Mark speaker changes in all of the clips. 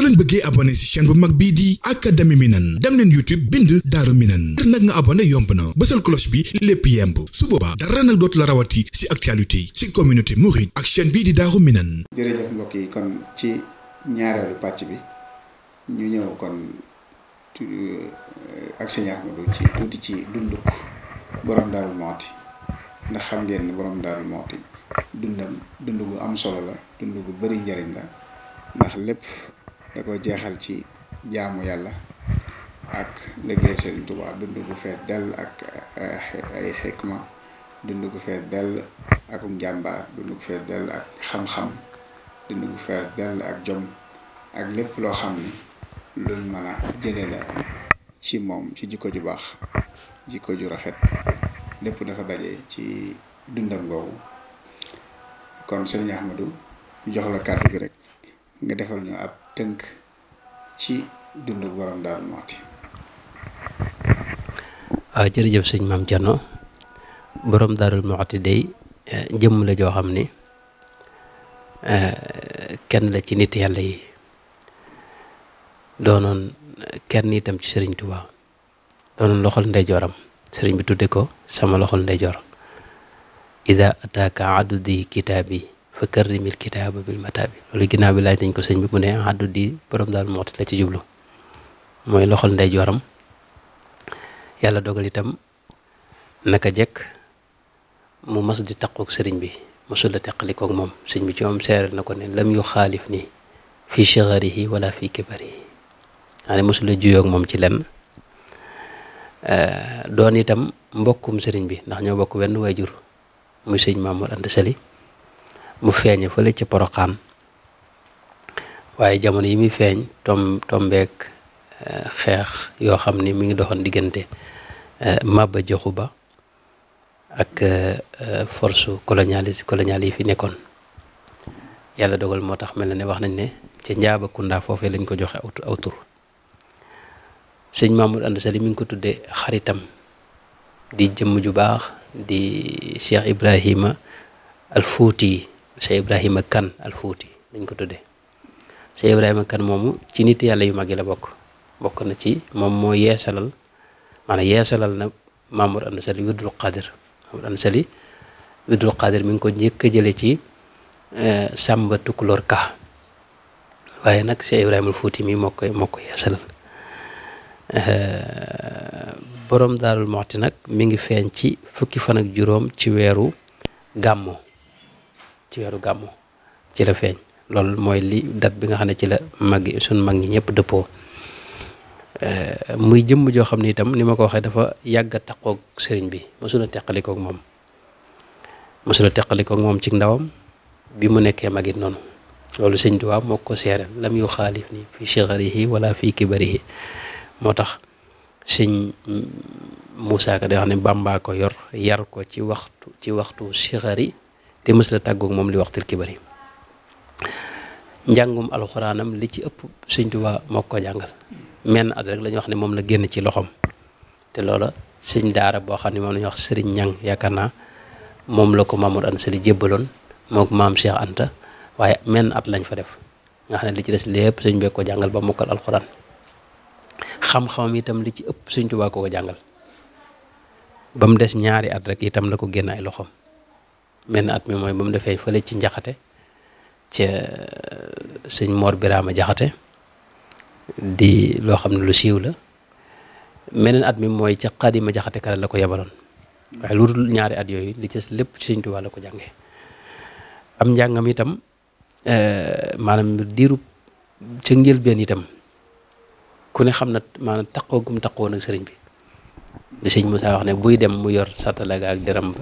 Speaker 1: soo bëggee abonné ci chaîne bu mag bii di académie Minane dem leen YouTube bind Daaru Minane ngir nag nga abonné yomb na bësal cloche bi lépp yemb su boobaa dara nag dootu la rawati ci actualité ci communauté mouride ak chaîne bii di Daaru Minane jërëjëf mbokk yi kon ci ñaareelu pàcc bi ñu ñëw kon euh, ci ci dunduk borom Daaru Muxti ndax xam ngeen ni borom Daaru Muxti dundam dund gu am solo la dund gu bari njariñ la ndax lépp da ko jeexal ci jaamu yàlla ak liggéey Sëriñ Tuubaa dund gu fees dell ak eh, ay xikma dund gu fees dell ak njàmbaar dund gu fees dell ak xam-xam dund gu fees dell ak jom ak lépp loo xam ni luñ mën a jële la ci moom ci jikko ju baax jikko ju rafet lépp dafa daje ci dundam googu kon Sëriñ Ahmadou jox la kàddu gi rek nga defal ñu ab tënk ci dundu borom Daaru Muxti
Speaker 2: ah, jërëjëf sëñ maam Thierno borom Daaru day eh, jëmm la joo xam ni eh, kenn la ci nit yàlla yi doonoon kenn itam ci sëriñ Tuubaa doonoon loxol ndeyjooram sëriñ bi tudde ko sama loxol ndejoor ida ataaka adudi kitaabi fa karrimil kitaaba bi mataabi loolu ginnaaw bi laaj nañ ko sëñ bi mu ne xaddu di borom daal moxti la ci jublu mooy loxol ndey joram yàlla dogal itam naka jekk mu mas di taqook sëriñ bi mosul la teqalikook moom sëñ bi ci moom seeral na ko ne lam yu xaalif nii fii sigarihi wala fii kibarihi xam ne mosul la juyoog moom ci lenn doon itam mbokkum sëriñ bi ndax ñoo bokk wenn waajur muy sëñ Mamour Anta Sali mu feeñe fële ci poroxaam waaye jamono yi muy feeñ tom tombeek eh, xeex yoo xam ni mi ngi doxoon diggante eh, Maba Jaxu Ba ak eh, force colonialiste coloniale yi fi nekkoon yàlla dogal moo tax mel na ne wax nañ ne ca Njaaba Kunda foofee lañ ko joxe aw tur sëñ Mamour Anta Sali mi ngi ko tuddee xaritam di jëmm ju baax di Cheikh Ibrahima al Fuuti Cheikh Ibrahima Kane Alfouti dañ ko tuddee Cheikh Ibrahima Kane moomu ci nit yàlla yu mag yi la bokk bokk na ci moom moo yeesalal maanaam yeesalal na Mamour Anta Sali wirdul Qadir Mamour Anta mi ngi ko njëkk a jëlee ci eh, Samba Tukulóor Ka waaye nag Cheikh Ibrahima Alfouti mi moo koy moo ko yeesalal eh, borom Daarul Muxti nag mi ngi feeñ ci fukki fan ak juróom ci weeru gàmmo ci weeru gàmmu ci la feeñ loolu mooy li dat bi nga xam ne ci la mag suñ mag ñi ñëpp dëppoo eh, muy jëmm joo xam ne itam ni ma ko waxee dafa yàgg a taqoog sëriñ bi mosula teqalikoog moom mosula teqalikoog moom ci ndawam bi mu nekkee magit noonu loolu sëñ Tuubaa moo ko seereel lam yu xaalif ni fii sigarihi wala fii kibarihi moo tax sëñ Moussa Ka day wax ne Bàmbaa ko yor yar ko ci waxtu ci waxtu te mës tàggook tàggoog moom li waxtil kibari njàngum alxuraanam li ci ëpp sëñ Tuubaa moo ko jàngal menn at rek wax ne moom la génn ci loxoom te loola sëñ daara boo xam ne moom la wax sëriñ ñang yaakaar naa moom la ko Mamour Anta Sali jébbaloon moo maam Cheikh waaye menn at lañ fa def nga xam ne li ci des lépp sëñ bee jàngal ba mokkal alxuraan xam-xamam itam li ci ëpp sëñ Tuubaa ko jàngal ba mu des ñaari at rek itam la ko génn ay loxoom menn at mi mooy ba mu defee fële ci njaxate ca euh, sëñ Mor Birama Jaxate di loo xam ne lu siiw la meneen at mi mooy ca Xaadima Jaxate Kala la ko yebaloon waaye lu dul ñaari at yooyu li ci lépp ci Sëñ Tuubaa la ko jànge am njàngam itam euh, maanaam diiru ca njëlbeen itam ku ne xam na maanaam taqoo gum taqoon ak sëriñ bi li sëñ Moussa wax ne buy dem mu yor satalaga ak deram ba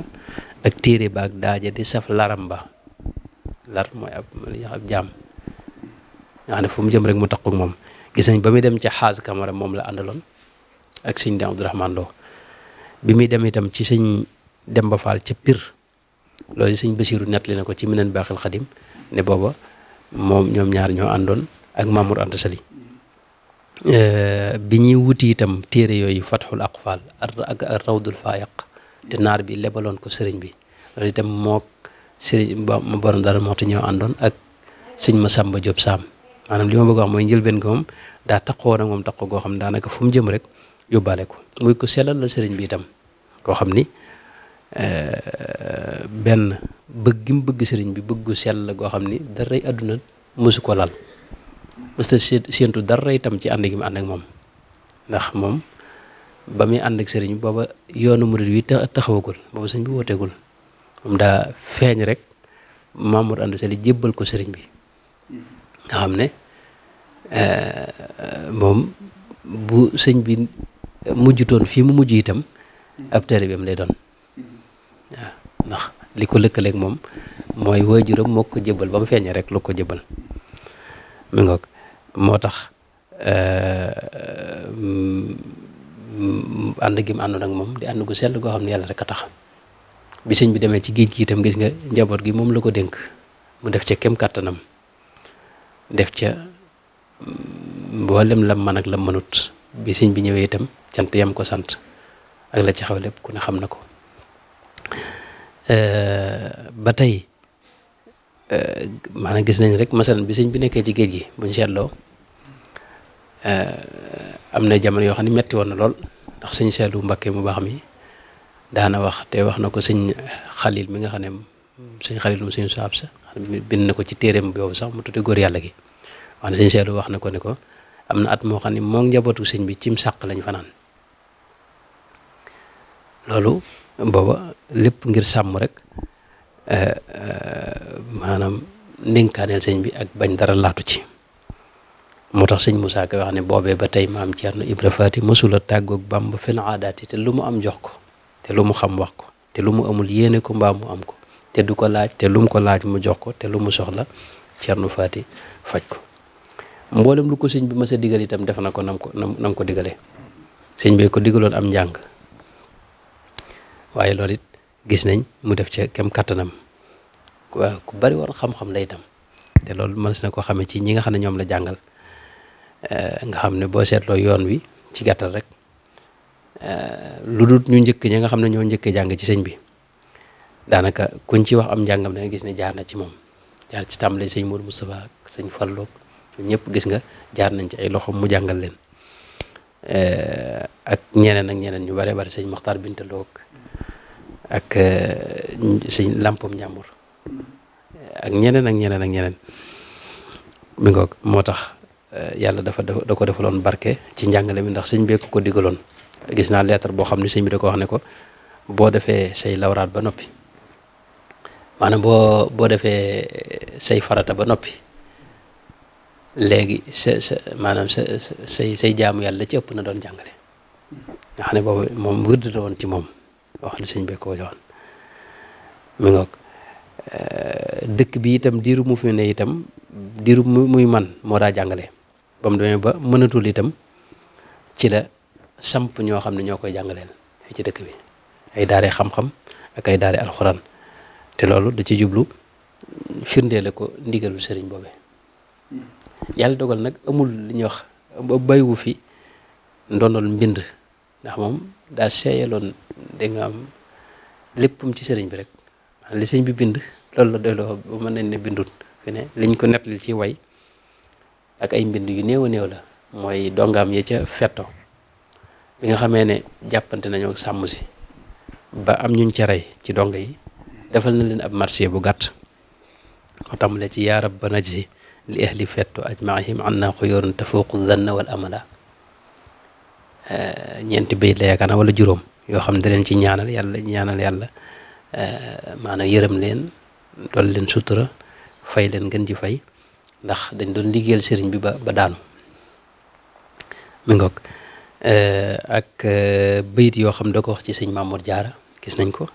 Speaker 2: ak téere ba ak daaja di saf laram ba lar mooy ab ab jaam nga xam ne fu mu jëm rek mu taqu moom gis nañ ba muy dem ca xaas kamara moom la àndaloon ak sëñ Dame Abdourahmane Lo bi muy dem itam ci sëñ Demba Fall ca piir loolu sëñ Basiru nettali na ko ci Minane Baaxil Xadim ne booba moom ñoom ñaar ñoo àndoon ak Mamour ànd Sali bi ñuy wuti itam téere yooyu Fatxul Aqfal ak Rawdul Faayaq te naar bi lebaloon ko sëriñ bi loolu itam mook sëriñ ma borom dara moo te ñoo àndoon ak sëñ ma Samba jot Sam maanaam li ma bëgg mooy njëlbeen ko moom daa taxoo nag moom taxoo goo xam ne daanaka fu mu jëm rek yóbbaale ko muy ko sellal la sëriñ bi itam xam ni eh, benn bëgg bëgg sëriñ bi bëggu sell la goo xam ni daray àdduna mësu ko lal parce que séentu dara itam ci ànd gi mu ànd ak moom ndax moom ba muy ànd ak sëriñ booba yoonu murid wi taxawagul booba sëñ bi wooteegul moom daa feeñ rek Mamour ànd sëriñ jébbal ko sëriñ bi nga xam ne eh, moom bu sëñ bi mujjutoon fii mu mujj itam ab taalibeem lay doon ndax li ko lëkkaleek moom mooy waajuram moo ko jébbal ba mu feeñee rek lu ko jébbal mi ngoog moo tax eh, ànd gi mu àndoon moom di ànd gu sell goo xam ne yàlla rek a tax bi bi demee ci géej gi itam gis nga njaboot gi moom la ko dénk mu def ca kem kàttanam def ca mboolem la man ak la mënut bi sëñ bi ñëwee itam cant yam ko sant ak la ci xaw lépp ku ne xam na ko ba tey maanaam gis nañ rek masalan bi sëñ bi nekkee ci géej gi buñ seetloo Euh, am na jamono yoo xam ne metti woon na lool ndax sëñ Saliou Mbacké mu baax mi daana wax te wax na ko sëñ Xalil mi nga xam ne sëñ Xalil mu sëñ saab na ko ci téeréem boobu sax mu tudde góor yàlla gi wax na sëñ Saliou wax na ko ne ko am na at moo xam ne moo njabootu sëñ bi cim sàq lañ fanaan loolu booba lépp ngir sàmm rek euh, euh, maanaam ndénkaaneel sëñ bi ak bañ dara laatu ci moo tax sëñ Moussa Ka wax ne boobee ba tey maam Thierno Ibra Faati mësula tàggook Bàmba fil aadaati te lu mu am jox ko te lu mu xam wax ko te lu mu amul yéene ko mbaa mu am ko te du ko laaj te lu mu ko laaj mu jox ko te lu mu soxla Thierno Faati faj ko mboolem lu ko sëñ bi mës a digal itam def na ko nam ko nam ko digalee sëñ ko digaloon am njàng waaye loolu it gis nañ mu def ca kem kattanam waaw ku bari woon xam-xam lay itam te loolu mën na ko xamee ci ñi nga xam ne ñoom la jàngal Eh, nga xam ne boo seetloo yoon wi ci gàttal rek eh, lu dul ñu njëkk ñi nga xam ne ñoo njëkk jàng ci sëñ bi daanaka kuñ ci wax am njàngam da gis ne jaar na ci moom jaar ci tàmbali sëñ Mourou Moustapha ak sëñ Fallou ñëpp gis nga jaar nañ ci ay loxoom mu jàngal leen eh, ak ñeneen ñeneen ñu bare bari sëñ Mokhtar Binta Loog ak sëñ Lampom Njàmbur ak ñeneen ak ñeneen ak ñeneen mi ngoog moo tax. Eh, yàlla dafa da ko defaloon barke ci njàngale mi ndax sëñ bee ko diggaloon gis naa lettre boo xam ne sëñ bi da ko wax ne ko boo defee say lawraat ba noppi maanaam boo boo defee eh, say farata ba noppi léegi sa maanaam sa say say jaamu yàlla ci ëpp na doon jàngale nga xam ne boobu moom wërd la woon ci moom wax ne sëñ bee ko joxoon mi ngoog eh, dëkk bi itam diiru mu fi ne itam diiru muy man moo daa jàngale ba mu ba mënatul itam ci la samp ñoo xam ne ñoo koy jàngaleel fii ci dëkk bi ay daare xam-xam ak ay daare alxuraan te loolu da ci jublu firndeele ko ndigalu sëriñ boobe yàlla dogal nag amul li ñuy wax ba baywu fi ndonol mbind ndax moom daa seeyaloon da nga am léppam ci sëriñ bi rek li sëñ bi bind loolu la doyloo ba mën nañ ne bindut fi ne liñ ko nettali ci way ak ay mbind yu néew a la mooy dongaam ya ca fetto bi nga xamee ne jàppante nañoo ak sàmm si ba am ñuñ cere ci dong yi defal na leen ab marché bu gàtt tamu leen ci yaa rabba najzi li ahli fetto ajmaihim anna xuyurun tafuqu zanna wal amala eh, ñeenti bayit la yaakaar wala juróom yoo xam ne da ci ñaanal yàlla ñaanal yàlla eh, maanaam yërëm leen dool leen sutura fay leen ngën ji fay ndax dañ doon liggéeyal sëriñ bi ba ba daanu mi ngoog eh, ak eh, bayit yoo xam ne da ko wax ci sëñ Mamour Diarra gis nañ ko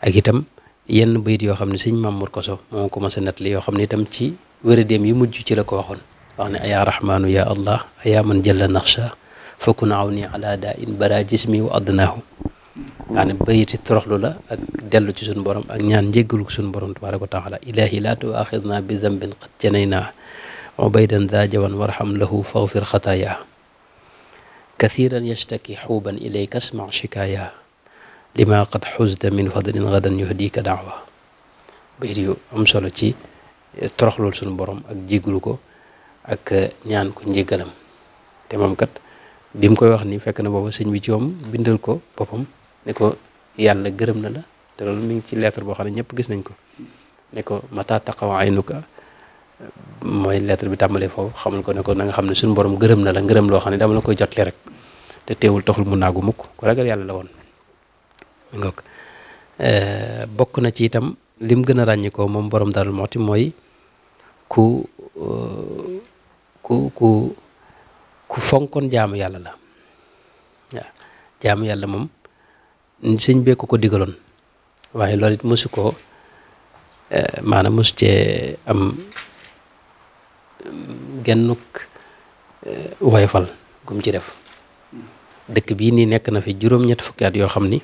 Speaker 2: ak itam yenn bayit yoo xam ne sëñ Mamour Koso moo ko mos a nettali yoo xam ne itam ci wéradéem yi mujj ci la ko waxoon wax ne ayaa rahmaanu ya allah ayaa man jalla naxsha fakun aw ni ala daa in bara jismi wa adnaahu nga ne bayiti toroxlu la ak dellu ci suñu borom ak ñaan njéggalu suñu borom tabaaraka wa taala ilaahi laa tuaaxidnaa bi zambin qad janaynaa ubaydan daa jawan warham lahu faghfir xataaya kathiran yashtaki xuuban ilayka asma shikaaya lima qad xusta min fadlin gadan yuhdika daawa bayit yu am solo ci toroxlul suñu borom ak jéggalu ko ak ñaan ko njéggalam te moom kat bi mu koy wax ni fekk na booba sëñ bi ci moom bindal ko boppam ne ko yàlla gërëm na la te loolu mu ngi ci lettre boo xam ne ñëpp gis nañ ko ne ko mata taqaw aynuka mooy lettre bi tàmbalee foofu xamul ko ne ko na nga xam ne suñu borom gërëm na la ngërëm loo xam ne dama la koy jotli rek te teewul taxul mu naagu mukk ku ragal yàlla la woon ngoog euh, bokk na ci itam lim gën a ràññikoo moom borom Darou Mouhty mooy ku ku ku ku fonkoon jaamu yàlla la jaamu yàlla moom sëñ bee ko ko waaye loolu it mosu ko eh, maanaam mosu cee am gennuk eh, woyofal gum ci def dëkk bii nii nekk na fi juróom-ñett fukki at yoo xam ni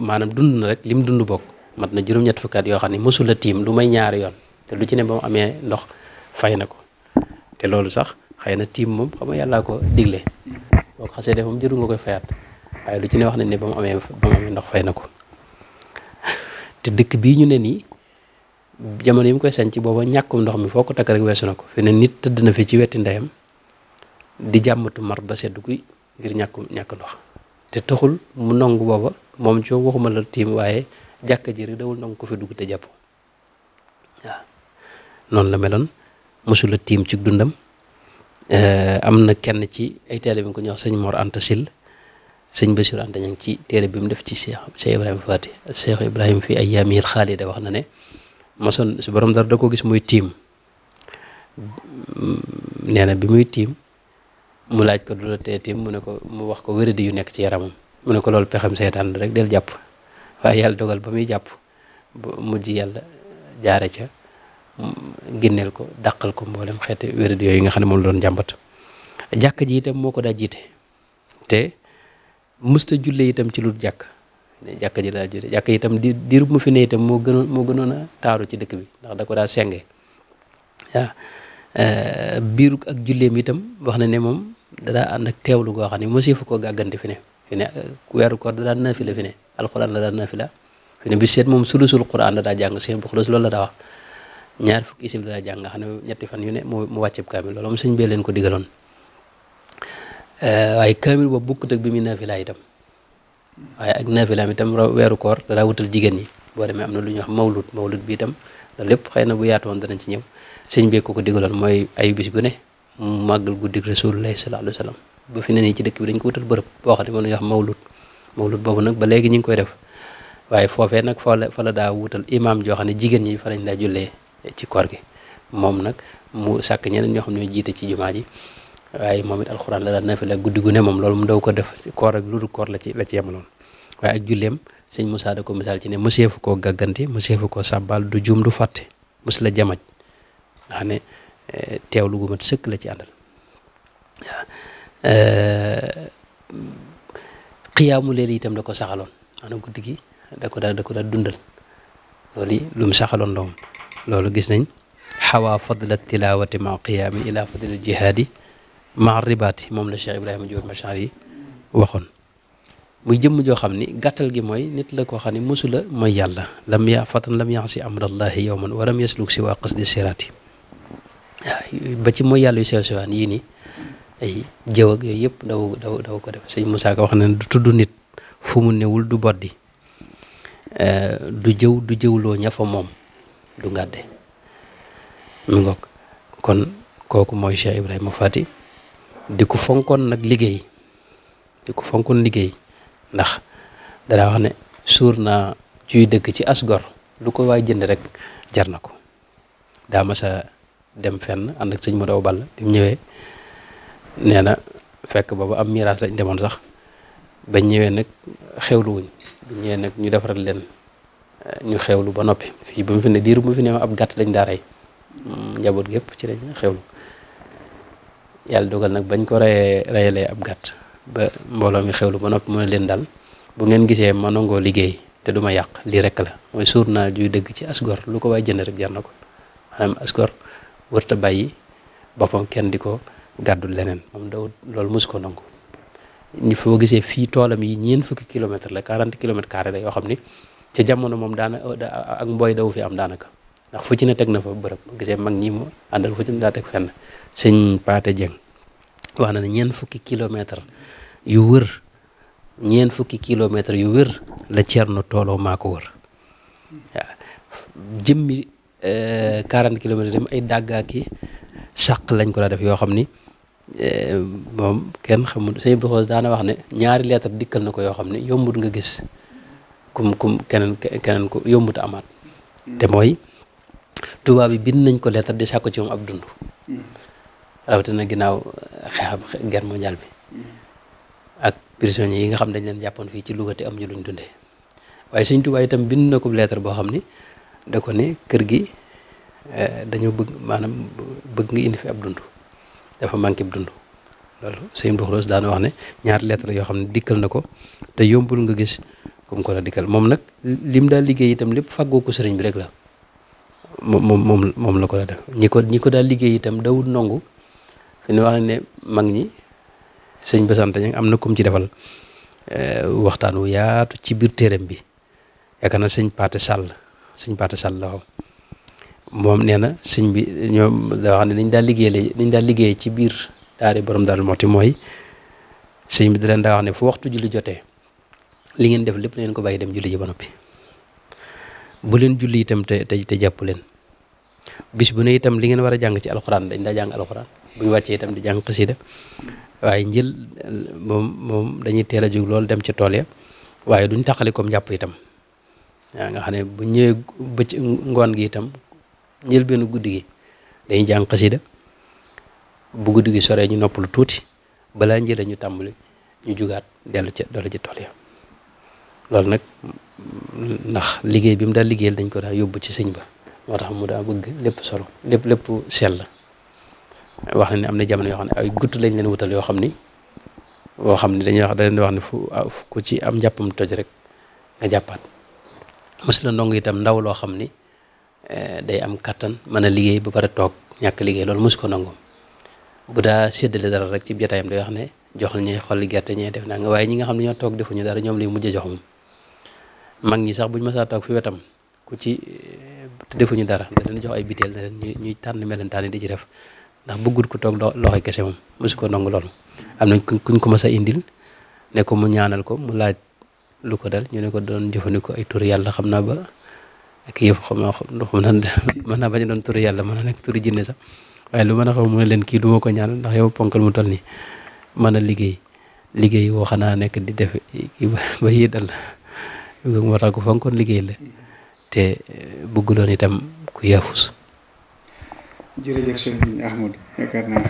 Speaker 2: maanaam dund na rek lim dund bokk mat na juróom-ñett yoo xam ni mosula tiim lu may ñaari yoon te lu ci ne ba mu amee ndox fay na ko te loolu sax xëy na tiim moom xam nga yàllaa ko digle boo ko xasee def moom jëru nga koy fayaat waaye lu ci ne wax nañ ne ba mu amee ndox fay na ko te dëkk bii ñu ne nii jamono yi mu koy ci booba ñàkkum ndox mi foo ko takk rek weesu na ko fi nit tëdd na fi ci wetti ndeyam di jàmmatu mar ba sedd guy ngir ñàkkum ñàkk ndox te taxul mu nongu booba moom ci waxuma la tiim waaye jàkka ji rek dawul nangu ko fi dugg te jàpp waaw noonu la meloon mësula tiim ci dundam eh, am na kenn ci ay teel bi nga ko ñuy wax sëñ Mor Anta Sil sëñ Bassirou Anta Niang ci téere bi mu def ci Cheikh Cheikh Ibrahima Fati Cheikh Ibrahima fi ayyaamihil xaalida wax na ne maçon si borom dara da ko gis muy tiim nee na bi muy tiim mu laaj ko du la tiim mu ne ko mu wax ko wéradi yu nekk ci yaramam mu ne ko loolu pexem seytaan rek del jàpp waaye yàlla dogal ba muy jàpp mujj yàlla jaare ca génneel ko daqal ko mboolem xeeti wéradi yooyu nga xam ne moom la doon jàmbat ji itam moo ko daa jiite te mësta julle itam ci lu jàkk jàkk ji daal julle jàkk itam di diir mu fi ne itam moo gënoon moo gënoon a taaru ci dëkk bi ndax da ko daa senge waaw eh, biiru ak julleem itam wax na ne moom dadaa ànd ak teewlu goo xam ne mosi fu ko gàggante fi ne koor dadaa nafila fi ne eh, alquran la daa nafila fi ne bi seet moom sulusul quran la daa jàng seen bu xulus loolu la daa wax ñaar fukk isib la daa jàng nga ñetti fan yu ne mu wàcceb kaamil loolu moom sëñ bee leen ko digaloon Eh, waaye kaamil boobu bukkut ak bi muy naafila itam waaye ak naafilaam itam weeru koor dara wutal jigéen ñi boo demee am na lu ñu wax mawlud mawlud bi itam loolu lépp xëy na bu yaatuwoon danañ ci ñëw sëñ bi ko ko digaloon mooy ay bis gu màggal guddig rasulullahi sallallahu alayhi wa sallam ba fi ne nii ci dëkk bi dañ ko wutal bërëb boo xam ne moom la ñuy wax mawlud mawlud boobu nag ba léegi ñu ngi koy def waaye foofee nag fa la daa wutal imaam joo xam ne jigéen ñi fa lañ daa jullee ci koor gi moom nag mu sàkk ñeneen ñoo xam ne ñoo jiite ci jumaa ji waaye moom it alxuraan la daan nafila guddi gu ne moom loolu mu daw ko def koor ak lu dul koor la ci la ci yemaloon waaye ak julleem sëñ Moussa da ko misaal ci ne monsieur fu koo gàgganti monsieur fu koo sàbbaal du juum du fàtte mos la jamaj nga xam ne eh, teewlu gu mat sëkk la ci àndal eh, xiyaamu leel itam da ko saxaloon maanaam guddi gi da ko daal da ko daal dundal loolu yi lu saxaloon la moom loolu gis nañ xawaa fadla tilawati ma qiyaami ila fadlil jihaadi maa ribaati moom la Cheikh Ibrahima Diop Machar yi waxoon muy jëmm joo xam ni gàttal gi mooy nit la koo xam ne mosula mooy yàlla lam yaa fatan lam yaa si amrallahi yowman walam yasluk si waa qasdi siraati ba ci mooy yàlla yu sew sewaan yii nii ay jëw yëpp daw ko def sëñ Moussa Ka wax na ne du tudd nit fu mu newul du boddi eh, du jëw du jëwloo ña fa moom du ngàdde mi ngoog kon kooku mooy Cheikh Ibrahima Fati di ku fonkoon nag liggéey di ku fonkoon liggéey ndax danaa wax ne suur na ciy dëkk ci asgor lu ko waay jënd rek jar na ko daa mas dem fenn ànd ak sëñ mu daw ball bi ñëwee nee na fekk boobu am miraas lañ demoon sax bañ ñëwee nag xewlu wuñ bañ ñëwee nag ñu defaral leen eh, ñu xewlu ba noppi fii ba mu fi ne diiru mu fi ne ab gàtt lañ daa rey mm, njaboot gépp ci lañ xewlu yàlla dogal nag bañ ko rayee rayalee ab gàtt ba mbooloo mi xewlu ba noppi mu ne leen daal bu ngeen gisee ma nangoo liggéey te duma yàq lii rek la mooy suur naa juy dëgg ci asgor lu ko waay jënd rek jar na ko maanaam asgor wërta bàyyi boppam kenn di ko gàddul leneen moom dawut loolu mos ko nangu ñi foo gisee fii toolam yi ñeen fukki kilomètres la 40 kilomètres carré la yoo xam ni ca jamono moom daana ak mbooy dawu fi am daanaka ndax fu ci ne teg na fa bërëb gisee mag ñi mu àndal fu ci ne daa teg fenn sëñ Paate Jeng wax na ne ñeent fukki kilomètre yu wër ñeent fukki kilomètre yu wër la Cerno tooloo maa ko wër waaw jëmmi 40 euh, dem ay dàggaaki sàq lañ ko daa def yoo xam ni euh, moom kenn xamul sëñ Abdou daana wax ne ñaari leetar dikkal na ko yoo xam ne yombut nga gis kum kum keneen keneen ko yombut amaat te mooy tubaab yi bind nañ ko leetar di sàkko ci moom ab dund hmm. rawatina ginnaaw eh, xeexam guerre mondiale bi ak prisonniers yi nga xam dañ leen jàppoon fii ci Louga te am ñu luñ dunde waaye Sëñ Tuubaa itam bind na ko lettre boo xam ni da ko ne kër gi eh, dañoo bëgg maanaam bëgg nga indi fi ab dund dafa manqué ab dund loolu Sëñ Abdou Khoudoss daana wax ne ñaari lettre yoo xam ne dikkal na ko te yombul nga gis comme ko la dikkal moom nag mu daal liggéey itam lépp fàggoo ko bi rek la moom moom moom la ko la def ñi ko ñi ko daal liggéey itam dawul nongu dañu wax ne mag ñi sëñ Basanta Ñaŋ am na kum ci defal eh, waxtaan wu yaatu ci biir téeram bi yaakaar na sëñ Paate Sall sëñ Paate Sall la moom nee na sëñ bi ñoom da xam ne dañ daal liggéeyee dañ daal liggéey ci biir daari borom daal mooti mooy sëñ bi da leen daa wax ne fu waxtu julli jote li ngeen def lépp na ngeen ko bàyyi dem julli ji ba noppi bu leen julli itam te te jàpp leen bis bu ne itam li ngeen war a jàng ci alxuraan dañ daa jàng alxuraan buñ wàccee itam di jàng xasida waaye njël moom moom dañuy teel a jóg loolu dem ci tool ya waaye duñ taxali comme njàpp itam waaw nga xam ne bu ñëwee bëcc ngoon gi itam njël benn guddi gi dañuy jàng xasida bu guddi gi soree ñu noppalu tuuti balaa njëla ñu tàmbuli ñu jugaat dellu ca dellu ci tool ya loolu nag ndax liggéey bi mu daal liggéeyal dañ ko daal yóbbu ci sëñ ba moo tax mu daa bëgg lépp solo lépp lépp la wax na ni am na jamono yoo xam ne ay gutt lañ leen wutal yoo xam ni woo xam ne dañuy wax da leen di wax ne ah, fu ku ci am njàppam toj rek nga jàppaat mos la itam ndaw loo xam ni eh, day am kattan mën a liggéey ba pare toog ñàkk liggéey loolu mos ko nangu bu daa séddale dara rek ci jotaayam day wax ne jox la xolli gerte ñee def naa nga waaye ñi nga xam ne ñoo toog defuñu dara ñoom lay mujj a jox mag ñi sax buñ mësaa toog fi wetam ku ci te eh, defuñu dara da leen jox ay biteel na leen ñuy tànn melentaan yi di ci def ndax bëggul ko toog loxo kese moom mosu ko nangu lool am nañ kuñ ko mas a indil ne ko mu ñaanal ko mu laaj lu ko dal ñu ne ko doon jëfandikoo ay tur yàlla xam naa ba ak yëf xam naa xam naa naa bañ doon tur yàlla mën naa nekk tur jinne sax waaye lu mën a xaw mu ne leen kii du ma ko ñaanal ndax yow ponkal mu toll nii mën a liggéey liggéey woo xanaa nekk di def kii ba yii dal moo tax ko fonkoon liggéey la te bëgguloon itam ku yaafus
Speaker 1: jërëjëf sëriñ Ahmadou yaakaar naa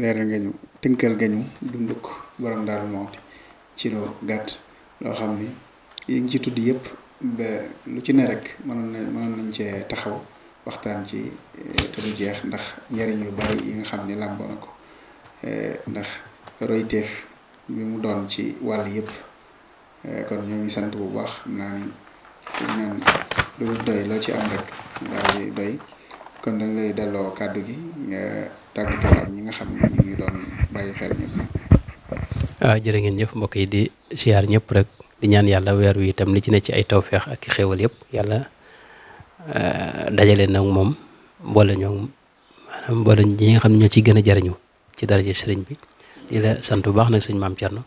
Speaker 1: leeral nga ñu tënkal nga ñu dunduk borom Darou Mouhty ci loo gàtt loo xam ni yi ngi ci tudd yëpp lu ci ne rek mënoon nañ mënoon cee taxaw waxtaan ci eh, te jeex ndax njariñ yu bari yi nga xam ni làmboo na ko eh, ndax royteef bi mu doon ci wàll yëpp eh, kon ñoo ngi sant bu baax xam naa ni naan loolu doy loo ci am rek daal di doy kon dañ lay delloo kàddu gi nga tàggatoo ak ñi nga xam ne ñu ngi doon bàyyi xel ñëpp.
Speaker 2: waaw ah, jërë ngeen jëf mbokk yi di siyaar ñëpp rek di ñaan yàlla weer wi itam li ci ne ci ay tawféex ak i xéewal yëpp yàlla ah, dajale nag moom boole ñoom maanaam boole ñi nga xam ne ñoo ci gën a jariñu ci dara daraja sëriñ bi di la sant bu baax nag sëñ maam Thierno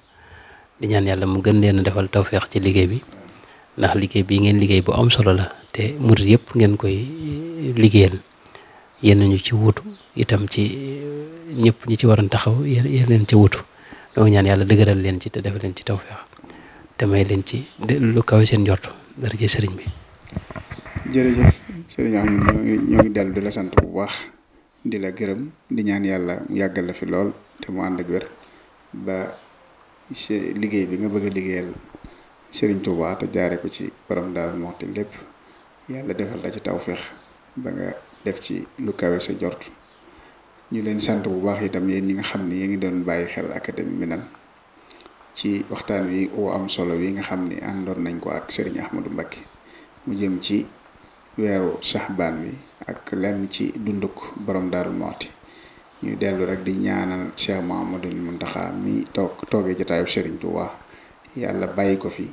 Speaker 2: di ñaan yàlla mu gën leen a defal tawféex ci liggéey bi ndax liggéey bii ngeen liggéey boo am solo la te murit yëpp ngeen koy eh, liggéeyal. yéen ñu ci wutu itam ci ñëpp ñi ci waroon taxaw yéen leen ci wutu donc ñaan yàlla dëgëral leen ci te def leen ci tawfeex te may leen ci lu kawe seen njort
Speaker 1: dara ci sëriñ bi. jërëjëf sëriñ Ahmed ñoo ngi dellu di la sant bu baax di la gërëm di ñaan yàlla mu yàggal la fi lool te mu ànd ak wér ba liggéey bi nga bëgg a liggéeyal sëriñ Touba te jaare ko ci daal Daaru Muxti lépp yàlla defal la ci tawféex ba nga. def ci lu kawe sa jort ñu leen sant bu baax itam yéen ñi nga xam ni yéen ngi doon bàyyi xel mi Minane ci waxtaan wi woo am solo wi nga xam ni àndoon nañ ko ak Serigne Ahmadou Mbacké mu jëm ci weeru saxbaan wi ak lenn ci dunduk borom Daaru Muxti ñu dellu rek di ñaanal Cheikh Mouhamadoul taxa mi toog toogee jotaayu Serigne Touba yàlla bàyyi ko fi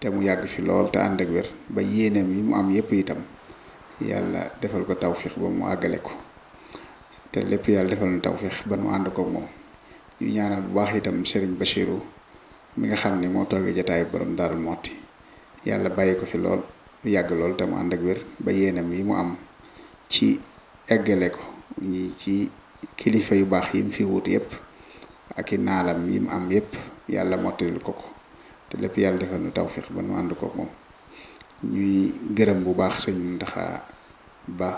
Speaker 1: te mu yàgg fi lool te ànd ak wér ba yéeneem yi mu am yépp itam yàlla defal ko tawfix ba mu àggale ko te lépp yàlla defal na tawfix ba mu ànd ko moom yu ñaanal bu baax itam ba Bachirou mi nga xam ni moo toogee jataayu borom Darou motti yàlla bàyyi ko fi lool lu yàgg lool te mu ànd ak wér ba yéenam yi mu am ci eggale ko ñi ci kilifa yu baax yi mu fi wut yépp ak i naalam yi mu am yépp yàlla mottalil ko ko te lépp yàlla defal na tawfix ba nu ànd ko moom ñuy gërëm bu baax sëñ Muntaxa Ba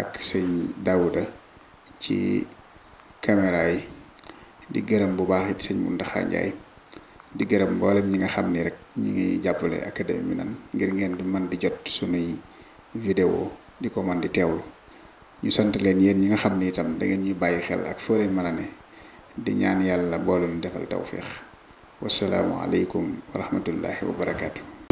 Speaker 1: ak sëñ Daouda ci caméra yi di gërëm bu baax it sëñ Muntaxa Njaay di gërëm mboolem ñi nga xam ni rek ñi ngi jàppale académie mi nan ngir ngeen di man di jot suñuy video di ko mën di teewlu ñu sant leen yéen ñi nga xam ni itam da ngeen ñu bàyyi xel ak foo leen mën a ne di ñaan yàlla boole nu defal tawféex wasalaamualeykum wa rahmatullahi wa barakaatu.